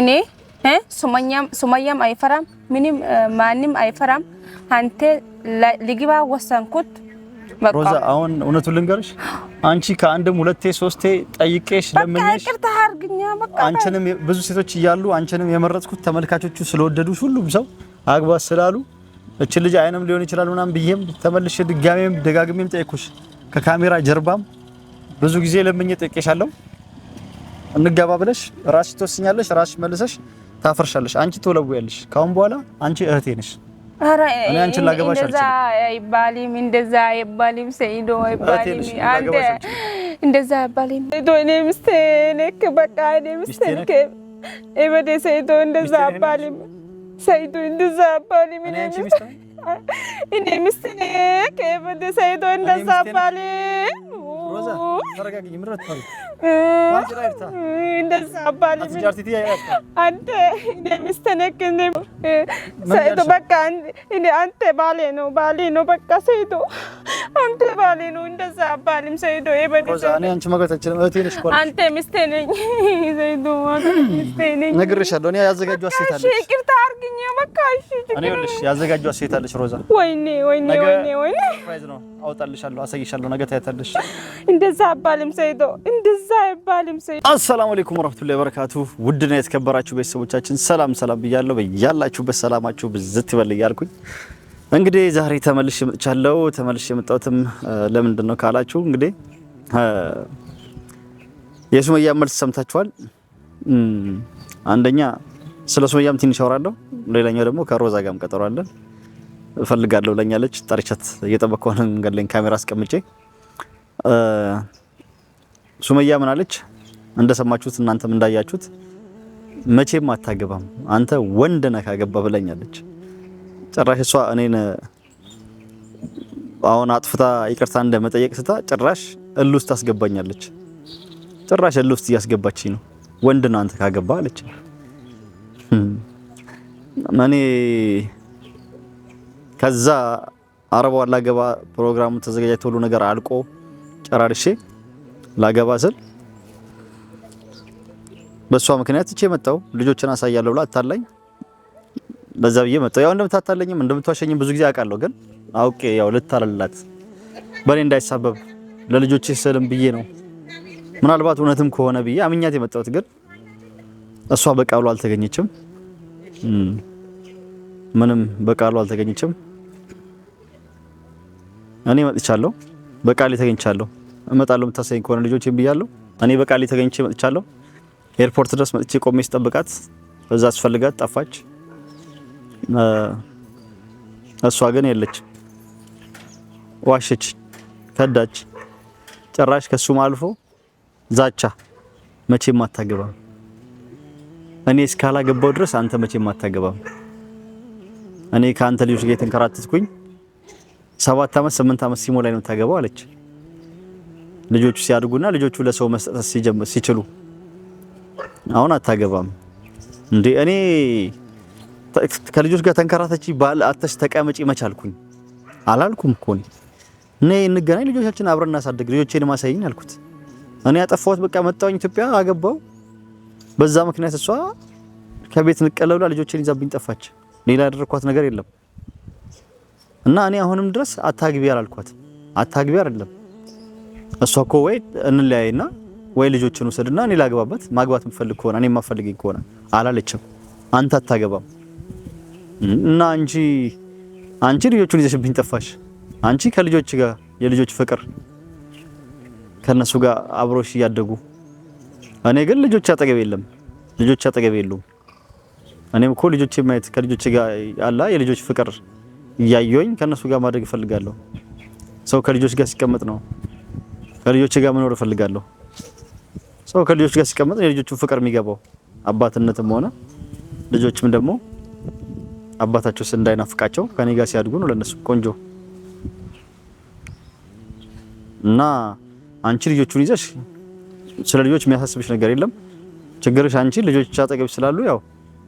እኔ ሱመያም አይፈራም፣ ምንም ማንም አይፈራም። አንተ ሊግባ ወሰንኩት። ሮዛ አሁን እውነቱን ልንገርሽ፣ አንቺ ከአንድም ሁለቴ ሶስቴ ጠይቄሽ ለምንሽ አንቺንም ብዙ ሴቶች እያሉ አንቺንም የመረጥኩት ተመልካቾቹ ስለወደዱ ሁሉም ሰው አግባ ስላሉ እች ልጅ አይንም ሊሆን ይችላል ምናምን ብዬም ተመልሼ ድጋሜም ደጋግሜም ጠየኩሽ። ከካሜራ ጀርባም ብዙ ጊዜ ለምኜ ጠይቄሻለሁ። እንገባ ብለሽ ራስሽ ትወስኛለሽ፣ ራስሽ መልሰሽ ታፈርሻለሽ። አንቺ ትወለውያለሽ። ካሁን በኋላ አንቺ እህቴ ነሽ። ኧረ እኔ አንቺን ላገባሽ አልችልም። አይባልም፣ እንደዛ አይባልም። ሰይዶ አይባልም። አንተ እንደዛ አይባልም። ሰይዶ እኔ ሚስቴ ነክ፣ በቃ እኔ ሚስቴ ነክ። እበዴ ሰይዶ እንደዛ አይባልም። ሰይዶ እንደዛ አይባልም። እኔ ሚስቴ እኔ ሚስቴ ነክ፣ እበዴ ሰይዶ እንደዛ አይባልም። ሮዛ ተረጋጊ። ምረት ነው አንተ ባሌ ነው ባሌ ነው በቃ ሰይዶ፣ አንተ ባሌ ነው። እንደዛ አባልም ሰይዶ አንተ ሚስቴ ነኝ ሰይዶ ሚስቴ ነኝ ነግሬሻለሁ። ያዘጋጇት ሴት አለች። ይቅርታ አድርግኝ በቃ ያዘጋጇት ሴት አለች ሮዛ። ወይኔ ወይኔ ወይኔ ወይኔ አውጣልሻለሁ፣ አሳይሻለሁ። ነገ ታያታለሽ። እንደዛ አባልም ሰይዶ እንደዛ አይባልም። አሰላሙ አለይኩም ወራህመቱላሂ ወበረካቱ። ውድና የተከበራችሁ ቤተሰቦቻችን ሰላም ሰላም ብያለሁ። በያላችሁበት ሰላማችሁ ብዝት ይበል እያልኩኝ እንግዲህ ዛሬ ተመልሼ መጥቻለሁ። ተመልሼ የመጣሁትም ለምንድን ነው ካላችሁ እንግዲህ የሱመያ መልስ ሰምታችኋል። አንደኛ ስለ ሱመያም ትንሽ አወራለሁ። ሌላኛው ደግሞ ከሮዛ ጋርም ቀጠሮ አለን እፈልጋለሁ ለኛለች ጠርቻት እየጠበቅኳን መንገድ ላይ ካሜራ አስቀምጬ ሱመያ ምን አለች? እንደሰማችሁት እናንተም እንዳያችሁት መቼም አታገባም አንተ ወንድ ነህ ካገባ ብለኛለች። ጭራሽ እሷ እኔን አሁን አጥፍታ ይቅርታ መጠየቅ ስታ ጭራሽ እል ውስጥ አስገባኛለች። ጭራሽ እል ውስጥ ነው። ወንድ ነው አንተ ካገባ አለች። እኔ ከዛ አረቧ አላገባ ፕሮግራሙ ተዘጋጅቶ ሁሉ ነገር አልቆ ጨራርሼ ላገባ ስል በእሷ ምክንያት ትቼ መጣው። ልጆችን አሳያለሁ ብላ አታላኝ። በዛ ብዬ መጣው። ያው እንደምታታለኝም እንደምትዋሸኝም ብዙ ጊዜ አውቃለሁ፣ ግን አውቄ ያው ልታለላት በኔ እንዳይሳበብ ለልጆቼ ስልም ብዬ ነው ምናልባት እውነትም ከሆነ ብዬ አምኛት የመጣሁት ግን እሷ በቃሉ አልተገኘችም። ምንም በቃሉ አልተገኘችም። እኔ መጥቻለሁ፣ በቃል ተገኝቻለሁ። እመጣለሁ የምታሳይኝ ከሆነ ልጆች ብያለሁ። እኔ በቃሌ ተገኝቼ መጥቻለሁ። ኤርፖርት ድረስ መጥቼ ቆሜ ስጠብቃት በዛ አስፈልጋት ጠፋች። እሷ ግን የለች፣ ዋሸች፣ ከዳች። ጭራሽ ከሱም አልፎ ዛቻ፣ መቼም አታገባም፣ እኔ እስካላገባው ድረስ አንተ መቼም አታገባም። እኔ ከአንተ ልጆች ጋር የተንከራተትኩኝ ሰባት አመት ስምንት አመት ሲሞላኝ ነው የምታገባው አለች። ልጆቹ ሲያድጉና ልጆቹ ለሰው መስጠት ሲችሉ አሁን አታገባም እንዴ? እኔ ከልጆች ጋር ተንከራተቺ ባል አተሽ ተቀመጪ መቻልኩኝ አላልኩም እኮ እኔ እንገናኝ፣ ልጆቻችን አብረን እናሳድግ፣ ልጆቼን ማሳይኝ አልኩት። እኔ ያጠፋውት በቃ መጣሁኝ ኢትዮጵያ አገባው። በዛ ምክንያት እሷ ከቤት ንቀለብላ ልጆቼን ይዛብኝ ጠፋች። ሌላ ያደረኳት ነገር የለም እና እኔ አሁንም ድረስ አታግቢ አላልኳት። አታግቢ አይደለም እሷ እኮ ወይ እንለያይና ወይ ልጆችን ውሰድና እኔ ላግባበት ማግባት የምፈልግ ከሆነ እኔ የማፈልገኝ ከሆነ አላለችም። አንተ አታገባም እና አንቺ አንቺ ልጆቹን ይዘሽብኝ ጠፋሽ። አንቺ ከልጆች ጋር የልጆች ፍቅር ከነሱ ጋር አብሮሽ እያደጉ እኔ ግን ልጆች አጠገብ የለም ልጆች አጠገብ የሉም። እኔም እኮ ልጆች ማየት ከልጆች ጋር አላ የልጆች ፍቅር እያየኝ ከነሱ ጋር ማድረግ እፈልጋለሁ። ሰው ከልጆች ጋር ሲቀመጥ ነው ከልጆች ጋር መኖር እፈልጋለሁ። ሰው ከልጆች ጋር ሲቀመጥ የልጆቹ ፍቅር የሚገባው አባትነትም ሆነ ልጆችም ደግሞ አባታቸው እንዳይናፍቃቸው ከኔ ጋር ሲያድጉ ነው ለነሱ ቆንጆ። እና አንቺ ልጆቹን ይዘሽ ስለ ልጆች የሚያሳስብሽ ነገር የለም። ችግርሽ አንቺ ልጆች አጠገብሽ ስላሉ ያው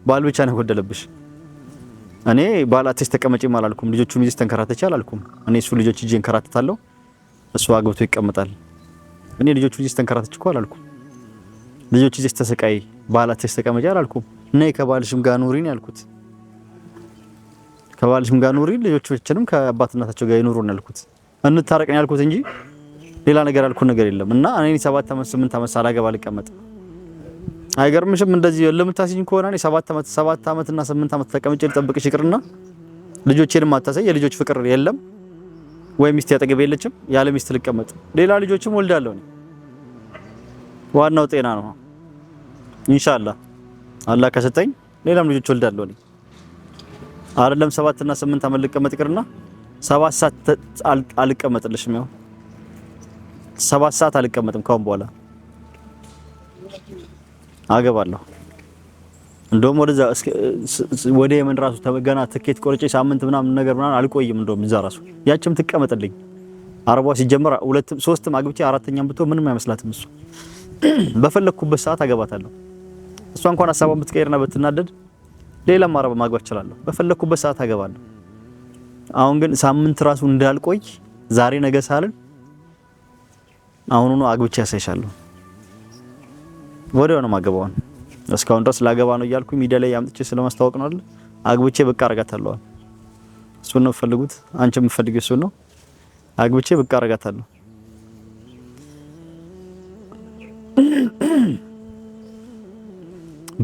ባል ብቻ ነው የጎደለብሽ። እኔ ባል አትይሽ ተቀመጪም አላልኩም። ልጆቹን ይዘሽ ተንከራተች አላልኩም። እኔ እሱ ልጆች ይዤ እንከራተታለሁ። እሱ አግብቶ ይቀመጣል። እኔ ልጆቹ ልጅ ተንከራተች እኮ አላልኩም። ልጆቹ ልጅ ተሰቃይ ባላተች ተቀመጪ አላልኩም። ነይ ከባልሽም ጋር ኑሪን ያልኩት ከባልሽም ጋር ኑሪ፣ ልጆችንም ከአባትናታቸው ጋር ይኑሩን ያልኩት እንታረቅን ያልኩት እንጂ ሌላ ነገር ያልኩት ነገር የለም። እና እኔ ሰባት ዓመት ስምንት ዓመት ሳላገባ አልቀመጥም። አይገርምሽም? እንደዚህ ለምታስይኝ ከሆነ እኔ ሰባት ዓመት ሰባት ዓመት ስምንት ዓመት ተቀምጬ ልጠብቅሽ ይቅርና ልጆቼንም አታሳይ። የልጆች ፍቅር የለም። ወይ ሚስት ያጠገብ የለችም፣ ያለ ሚስት ልቀመጥ። ሌላ ልጆችም ወልዳለሁ። ዋናው ጤና ነው። ኢንሻአላህ አላህ ከሰጠኝ ሌላም ልጆች ወልዳለሁ። አይደለም ሰባት እና ስምንት ዓመት ልቀመጥ ይቅርና ሰባት ሰዓት አልቀመጥልሽም። ያው ሰባት ሰዓት አልቀመጥም። ካሁን በኋላ አገባለሁ። እንደውም ወደዛ ወደ የመን ራሱ ገና ትኬት ቆርጬ ሳምንት ምናምን ነገር ምናምን አልቆይም። እንደውም እዛ ራሱ ያችም ትቀመጥልኝ አረቧ ሲጀመር ሁለትም ሶስትም አግብቼ አራተኛም ብትሆን ምንም አይመስላትም እሷ። በፈለኩበት ሰዓት አገባታለሁ። እሷ እንኳን ሀሳቧን ብትቀይርና ብትናደድ ሌላም አረብ ማግባት እችላለሁ። በፈለኩበት ሰዓት አገባለሁ። አሁን ግን ሳምንት ራሱ እንዳልቆይ ዛሬ ነገ ሳልን አሁኑኑ አግብቼ ያሳይሻለሁ። ወዲያው ነው ማገባውን እስካሁን ድረስ ላገባ ነው እያልኩ ሚዲያ ላይ ያምጥቼ ስለማስታወቅ ነው አይደል? አግብቼ በቃ አረጋታለሁ። እሱ ነው የምፈልጉት። አንቺ የምትፈልጊው እሱ ነው። አግብቼ በቃ አረጋታለሁ።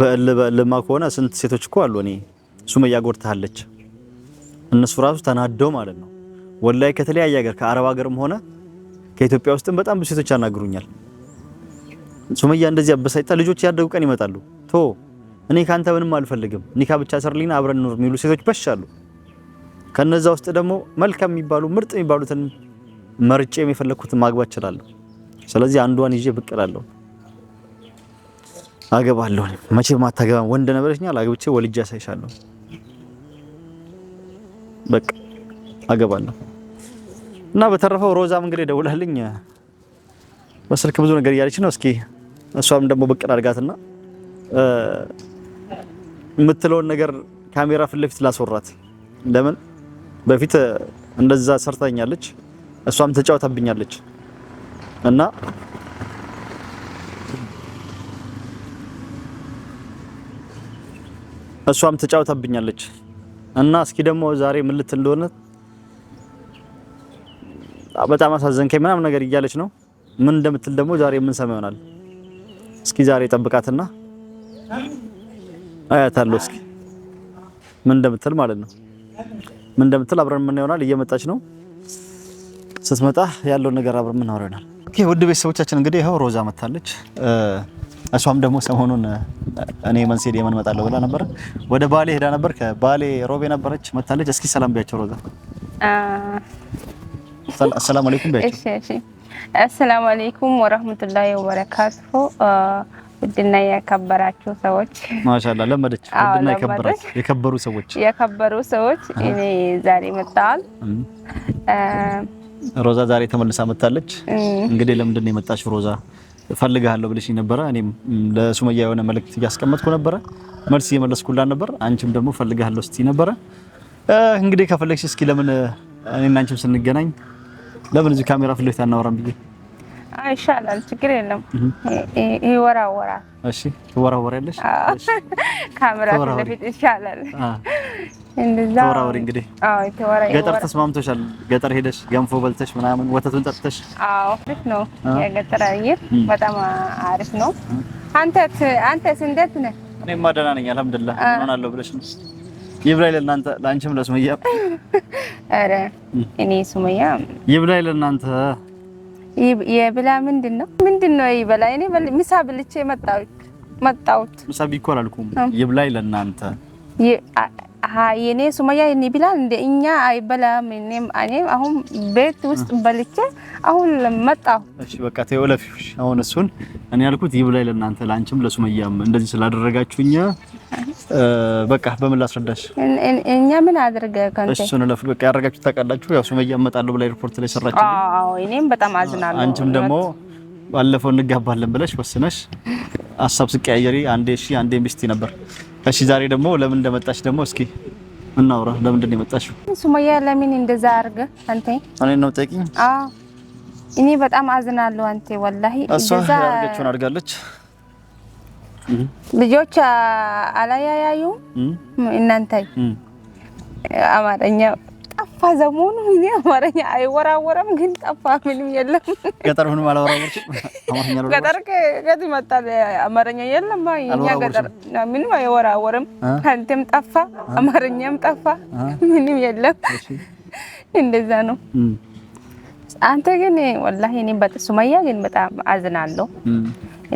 በእል በእልማ ከሆነ ስንት ሴቶች እኮ አሉ። እኔ ሱመያ ጎድታለች። እነሱ ራሱ ተናደው ማለት ነው። ወላይ ከተለያየ ሀገር ከአረብ ሀገርም ሆነ ከኢትዮጵያ ውስጥም በጣም ብዙ ሴቶች ያናግሩኛል። ሱመያ እንደዚህ አበሳጭታ ልጆች ያደጉ ቀን ይመጣሉ። ቶ እኔ ካንተ ምንም አልፈልግም፣ ኒካ ብቻ ሰርልኝ፣ አብረን ኑር የሚሉ ሴቶች በሻሉ። ከነዛ ውስጥ ደግሞ መልካም የሚባሉ ምርጥ የሚባሉትን መርጬ የፈለኩትን ማግባት እችላለሁ። ስለዚህ አንዷን ይዤ ብቅ እላለሁ፣ አገባለሁ። መቼም አታገባም ወንድ ነበረችኛል፣ አግብቼ ወልጄ አሳይሻለሁ። በቃ አገባለሁ። እና በተረፈው ሮዛም እንግዲህ ደውላልኝ በስልክ ብዙ ነገር እያለች ነው። እስኪ እሷም ደግሞ ብቅ አድርጋትና የምትለውን ነገር ካሜራ ፊት ለፊት ላስወራት። ለምን በፊት እንደዛ ሰርታኛለች፣ እሷም ተጫውታብኛለች እና እሷም ተጫውታብኛለች እና እስኪ ደግሞ ዛሬ ምልት እንደሆነ በጣም አሳዘንከኝ ምናምን ነገር እያለች ነው። ምን እንደምትል ደግሞ ዛሬ የምንሰማ ይሆናል። እስኪ ዛሬ ጠብቃትና አያታለሁ። እስኪ ምን እንደምትል ማለት ነው። ምን እንደምትል አብረን ምን ይሆናል። እየመጣች ነው። ስትመጣ ያለውን ነገር አብረን ምን ይሆናል። ኦኬ፣ ውድ ቤተሰቦቻችን እንግዲህ ይኸው ሮዛ መታለች። እሷም ደግሞ ሰሞኑን እኔ መንሴድ የመን እመጣለሁ ብላ ነበር። ወደ ባሌ ሄዳ ነበር። ከባሌ ሮቤ የነበረች መታለች። እስኪ ሰላም ቢያቸው ሮዛ አሰላሙ አለይኩም ቢያቸው። እሺ፣ እሺ። አሰላሙ አለይኩም ወራህመቱላሂ ወበረካቱሁ ውድና የከበራችሁ ሰዎች ማሻአላ ለመደች። ውድና የከበራችሁ የከበሩ ሰዎች የከበሩ ሰዎች እኔ ዛሬ መጣል ሮዛ ዛሬ ተመልሳ መጣለች። እንግዲህ ለምንድን ነው የመጣችው ሮዛ? ፈልጋለሁ ብለሽ ነበረ። እኔም ለሱመያ የሆነ መልእክት እያስቀመጥኩ ነበረ፣ መልስ እየመለስኩላት ነበር። አንቺም ደግሞ ፈልጋለሁ ስትይ ነበረ። እንግዲህ ከፈለግሽ እስኪ ለምን እኔና አንቺም ስንገናኝ ለምን እዚህ ካሜራ ፊት ለፊት አናወራም ብዬ ይሻላል፣ ችግር የለም። ይወራወራል። እሺ፣ ትወራወሪያለሽ? ካሜራ ፊት ይሻላል። ተወራወሪ። እንግዲህ ገጠር ተስማምቶሻል? ገጠር ሄደሽ ገንፎ በልተሽ ምናምን ወተቱን ጠጥተሽ? አሪፍ ነው። የገጠር አየር በጣም አሪፍ ነው። አንተስ አንተስ እንዴት ነህ? እኔማ ደህና ነኝ አልሐምዱሊላህ። ምን አለው ብለሽ ነው ይብላኝ ለእናንተ ለአንቺም ለሱመያ። ኧረ እኔ ሱመያ ይብላኝ ለእናንተ የብላ ምንድን ነው ምንድን ነው ይበላ። እኔ ምሳ ብልቼ መጣሁት መጣሁት። ምሳ ቢኮላልኩም ይብላይ ይብላኝ ለእናንተ የኔ ሱመያ የኔ ቢላል እንደ እኛ አይበላም። እኔም አሁን ቤት ውስጥ በልቼ አሁን መጣሁ። እሺ በቃ ተይው ለፊሽ አሁን እሱን እኔ ያልኩት ይብላኝ ለእናንተ ለአንቺም ለሱመያም እንደዚህ ስላደረጋችሁ እኛ በቃ በምን ላስረዳሽ? እኛ ምን አድርገ ከንተ እሱን ለፍ በቃ ያደረጋችሁ ታውቃላችሁ። ያው ሱመያ እመጣለሁ ብላ ሪፖርት ላይ ሰራችሁ። አዎ እኔም በጣም አዝናለሁ። አንቺም ደግሞ ባለፈው እንጋባለን ብለሽ ወስነሽ ሀሳብ ስቀያየሪ አንዴ እሺ አንዴ ሚስቲ ነበር እሺ ዛሬ ደግሞ ለምን እንደመጣሽ ደግሞ እስኪ እናውራ። ለምንድን ነው የመጣሽው? ሱመያ ለምን እንደዛ አርገ አንተ እኔ ነው ጠይቂኝ። አዎ እኔ በጣም አዝናለሁ። አንተ ወላሂ እንደዛ አርገችውን አድርጋለች። ልጆች አላያያዩም እናንተ አማርኛ ጠፋ ዘመኑ። እኔ አማርኛ አይወራወረም ግን ጠፋ፣ ምንም የለም። ገጠር ምንም አላወራወርሽም? ገጠር ከት ይመጣል አማርኛ የለም። እኛ ገጠር ምንም አይወራወርም። አንተም ጠፋ፣ አማርኛም ጠፋ፣ ምንም የለም። እንደዛ ነው። አንተ ግን ወላሂ እኔ ሱመያ ግን በጣም አዝናለሁ።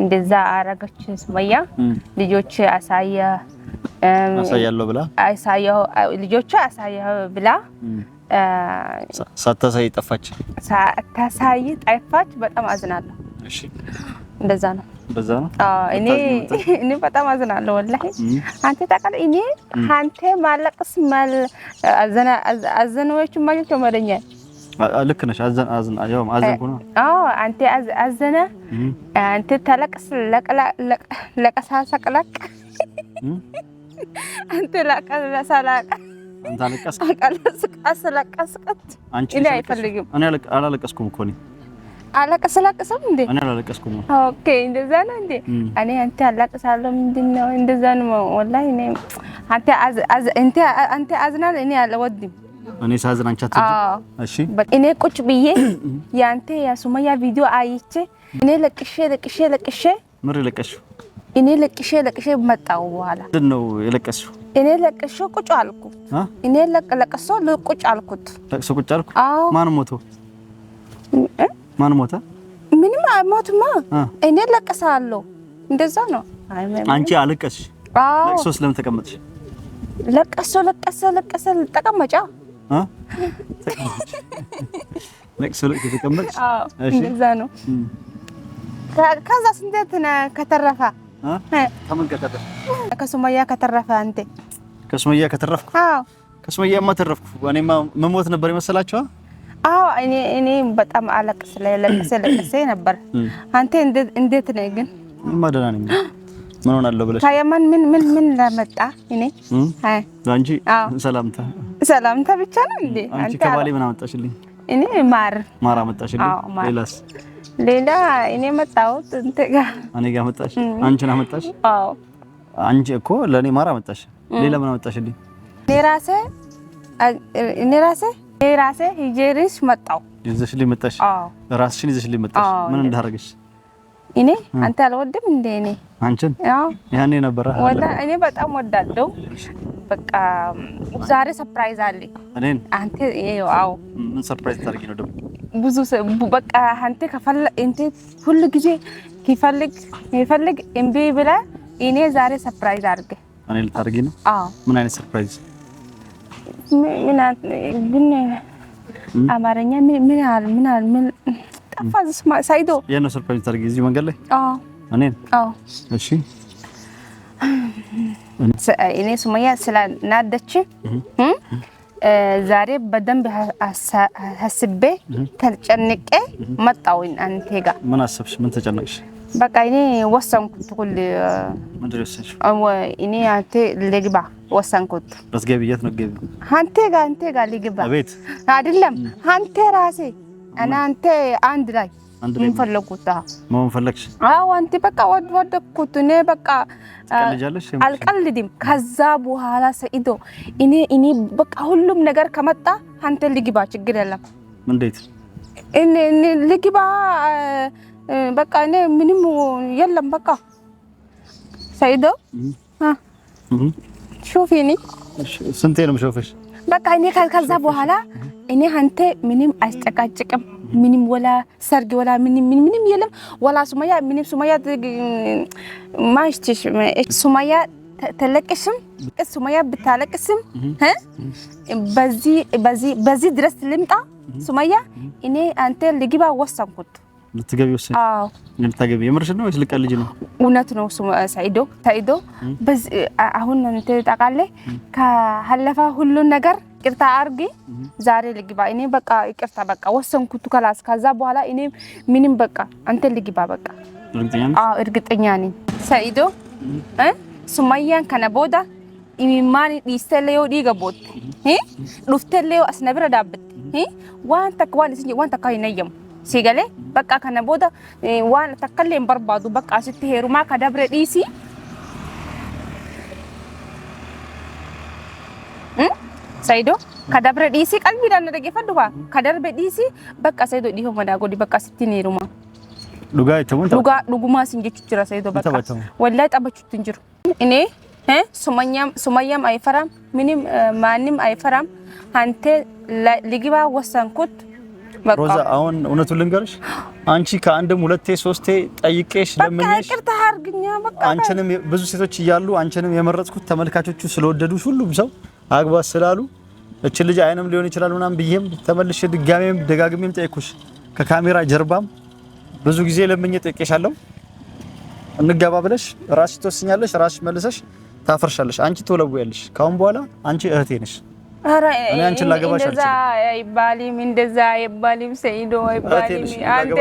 እንደዛ አረገች ሱመያ ልጆች አሳያ አሳያለሁ ብላ አሳያሁ ልጆቹ አሳያሁ ብላ ሳታሳይ ጠፋች። ሳታሳይ ጠፋች። በጣም አዝናለሁ። እሺ እንደዛ ነው። እኔ በጣም አዝናለሁ ወላሂ። አንተ ታውቃለህ እኔ አንተ ማለቅስ ማል አዘና አዘኖቹ ልክ ነሽ። አዘን አዘን ያው አዘን ኩና አዎ አንተ አዘነ አንተ ታለቅስ ለቀላ ለቀሳ ሰቅለቅ አንተ ላቀለሳ ላቀ አንተ አለቀስክ አንቺ እኔ አይፈልግም። እኔ አላለቀስኩም እኮ እኔ አለቀስ አለቀስም እንዴ? እኔ አላለቀስኩም። ኦኬ እንደዛ ነው እንዴ? እኔ አንተ አላለቀሳለሁ ምንድን ነው እንደዛ ነው። ወላሂ እኔ አንተ አዝ አንተ አንተ አዝናል እኔ አልወድም። እኔ ሳዝን አንቺ አትሄጂም። እሺ እኔ ቁጭ ብዬ ያንተ የሱመያ ቪዲዮ አይቼ እኔ ለቅሼ ለቅሼ ለቅሼ ምር ለቀሽ እኔ ለቅሼ ለቅሼ መጣው በኋላ ነው የለቀስሽው? እኔ ለቅሼ ቁጭ አልኩ። እኔ ለቅሶ ቁጭ አልኩት። ለቅሶ ቁጭ አልኩ። ማን ሞቶ ማን ሞተ? ምንም አይሞትማ። እኔ ለቅሳለሁ። እንደዛ ነው። አንቺ አለቀስሽ። ለቅሶ ስለምን ተቀመጥሽ? ለቅሶ ለቀሰ ለቀሰ ተቀመጫ ለቅሶ ለቅሶ ተቀመጥሽ። እንደዛ ነው። ከዛ ስንት ከተረፈ ከምን ከተረፍ ከሱመያ ከተረፈ አንተ ከሱመያ ከተረፍኩ? አዎ ከሱመያማ ተረፍኩ። እኔማ መሞት ነበር የመሰላችሁ? አዎ እኔ እኔ በጣም ስለ ለለቅስ ለቅስ ነበር። አንተ እንዴት ነህ ግን? እኔማ ደህና ነኝ። ምን ሆናለሁ ብለሽ ታየማን ምን ምን ምን ለመጣ እኔ አይ አንቺ ሰላምታ ሰላምታ ብቻ ነው እንዴ? አንቺ ከባሌ ምን አመጣሽልኝ? እኔ ማር ማር አመጣሽልኝ። ሌላስ ሌላ እኔ መጣሁት እንተ ጋር እኔ ጋር መጣሽ? አንቺን አመጣሽ? አዎ አንቺ እኮ ለኔ ማራ መጣሽ። ሌላ ምን አመጣሽልኝ? እኔ ራሴ እኔ ራሴ እኔ ራሴ ሂጄ ሪሽ መጣሁ። ይዘሽልኝ መጣሽ? አዎ ራስሽን ይዘሽልኝ መጣሽ። ምን እንዳደረገሽ እኔ አንተ አልወድም እንደ እኔ አንቺን ያኔ ነበረ ወላ እኔ በጣም ወዳለው። በቃ ዛሬ ሰርፕራይዝ አለኝ። እኔን አንተ ይሄው አው ምን ሰርፕራይዝ ታርጊ ነው ደግሞ ብዙ በቃ አንተ ከፈለ እንተ ሁሉ ጊዜ ይፈልግ ይፈልግ እምቢ ብለህ እኔ ዛሬ ሰርፕራይዝ አድርጌ እኔ ልታርጊ ነው? አዎ ምን አይነት ሰርፕራይዝ ምን ምን አማርኛ ምን ምን ምን ጠፋ ሳይዶ የነ ሰርፕራይዝ ታርጊ እዚህ መንገድ ላይ እኔን እሺ እኔ ሱመያ ስላናደች ዛሬ በደንብ አስቤ ተጨንቄ መጣሁኝ አንተ ጋር ምን አሰብሽ ምን ተጨነቅሽ በቃ እኔ ወሰንኩት ሁል እኔ አንተ ልግባ ወሰንኩት በስገቢየት ነው ገቢ አንተ ጋር አንተ ጋር ልግባ ቤት አይደለም አንተ ራሴ እናንተ አንድ ላይ ምን ፈለጉት? ምን ፈለግሽ? አዎ አንተ በቃ ወደድኩት። እኔ በቃ አልቀልድም። ከዛ በኋላ ሰኢዶ እኔ እኔ በቃ ሁሉም ነገር ከመጣ አንተ ልግባ፣ ችግር የለም። እንዴት እኔ እኔ ልግባ በቃ እኔ ምንም የለም። በቃ ሰኢዶ ሹፊኒ ስንቴ ነው ሾፈሽ? በቃ እኔ ከዛ በኋላ እኔ አንተ ምንም አያስጨቃጭቅም ምንም ወላ ሰርግ ወላ ምንም ምንም የለም። ወላ ሱማያ ምንም ሱማያ ማሽትሽ ሱማያ ተለቅሽም ሱማያ ብታለቅስም በዚህ ድረስ ልምጣ ሱማያ እኔ አንተ ልግባ ወሰንኩት። ልትገቢ ወሰንሽ? አዎ። ልታገቢ የምርሽ ነው ወይስ ልጅ ነው? እውነት ነው እሱ ሰይዶ ተይዶ። አሁን እንት ታውቃለህ፣ ካለፈ ሁሉን ነገር ይቅርታ አርጊ። ዛሬ ልግባ እኔ በቃ ይቅርታ በቃ ወሰንኩት ከላስ። ከዛ በኋላ እኔ ምንም በቃ አንተ ልግባ በቃ። አዎ እርግጠኛ ነኝ ሰይዶ። ሱማያን ከነቦዳ ኢሚማን ዲስተለዮ ዲገቦት እ ዱፍተለዮ አስነብረ ዳብት እ ዋን ተክዋን እስንጂ ዋን ተካይ ነየም siigalee bakka kana booda waan takkallee hin barbaadu bakka asitti heerumaa ka dabre dhiisi. Saidoo ka dabre dhiisii qalbiidhaan na dhaggeeffadhu faa ka darbe dhiisii bakka saidoo dhihoo madaa godhi bakka asitti ni heeruma. Dhugaa jechuun dhugaa dhugumaa sin jechuun jira saidoo bakka wallahi taphachuutti hin jiru. Inni sumayyam ayifaraam minim maanim ayifaraam hantee ligibaa wasan kutu ሮዛ አሁን እውነቱን ልንገርሽ፣ አንቺ ከአንድም ሁለቴ ሶስቴ ጠይቄሽ ለምኜሽ አንቺንም ብዙ ሴቶች እያሉ አንቺንም የመረጥኩት ተመልካቾቹ ስለወደዱ ሁሉም ሰው አግባ ስላሉ እች ልጅ አይንም ሊሆን ይችላል ምናምን ብዬም ተመልሼ ድጋሜም ደጋግሜም ጠየኩሽ። ከካሜራ ጀርባም ብዙ ጊዜ ለምኜ ጠይቄሻለሁ። እንጋባ ብለሽ ራስሽ ትወስኛለሽ፣ ራስሽ መልሰሽ ታፈርሻለሽ። አንቺ ትወለውያለሽ። ካሁን በኋላ አንቺ እህቴ ነሽ። አንቺን ላገባሽ አይባልም፣ እንደዛ አይባልም። ሰይዶ አይባልም፣ አንተ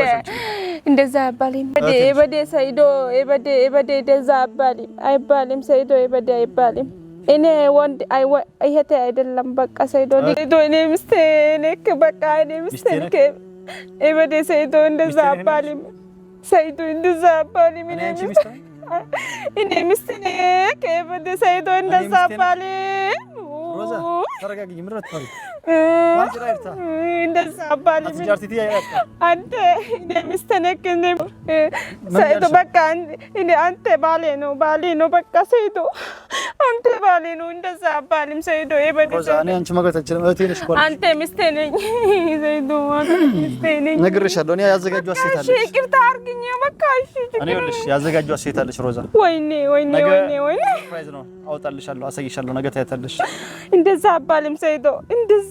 እንደዛ አይባልም። ኤበዴ ሰይዶ ኤበዴ ኤበዴ እንደዛ አይባልም፣ አይባልም። ሰይዶ ኤበዴ አይባልም። እኔ ወንድ እህቴ አይደለም። በቃ ሰይዶ ሰይዶ እኔ ምስቴ ነክ በቃ እኔ ምስቴ ነክ ኤበዴ ሰይዶ እንደዛ አይባልም። ሰይዶ እንደዛ አይባልም። እኔ ምስቴ እኔ ምስቴ ነክ ኤበዴ ሰይዶ እንደዛ አይባልም። ሮዛ ተረጋግኝ። ምንድን ነው የምትፈልጊው? አንተ ባሌ ነው ባሌ ነው በቃ ሰይዶ አንተ ባሌ ነው። እንደዛ አባልም ሰይዶ አንቺ መግረት አልችልም። እህቴ ነሽ እኮ አንተ ሚስቴ ነኝ ሰይዶ ሚስቴ ነኝ ነግሬሻለሁ። እኔ ያዘጋጇት ሴት አለች። ይቅርታ አድርግኝ በቃ እሺ። እኔ ሴት አለች ሮዛ። ወይኔ ወይኔ ወይኔ ወይኔ ሰርፕራይዝ አሳይሻለሁ። ነገ ታያታለሽ። እንደዛ አባልም ሰይዶ እንደዛ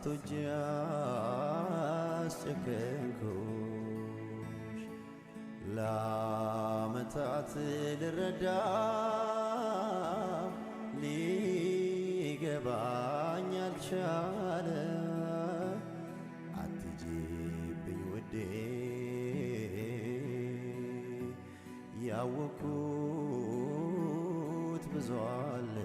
አትውጂ አስጨከንኩሽ ለአመታት ልረዳ ሊገባኝ አልቻለ አትጂብኝ ውዴ ያወኩት ብዙ አለ